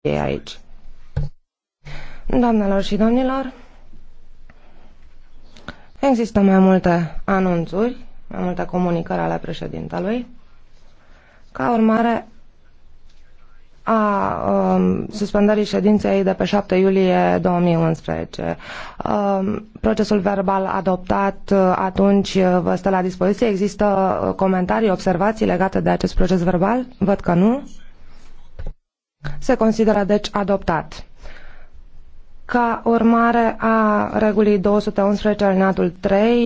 ei aici. Doamnelor și domnilor, există mai multe anunțuri, mai multe comunicări ale președintelui. Ca urmare a um, suspendării ședinței de pe 7 iulie 2011. Um, procesul verbal adoptat uh, atunci uh, vă stă la dispoziție. Există uh, comentarii, observații legate de acest proces verbal? Văd că nu se consideră deci adoptat. Ca urmare a regulii 211 alineatul 3,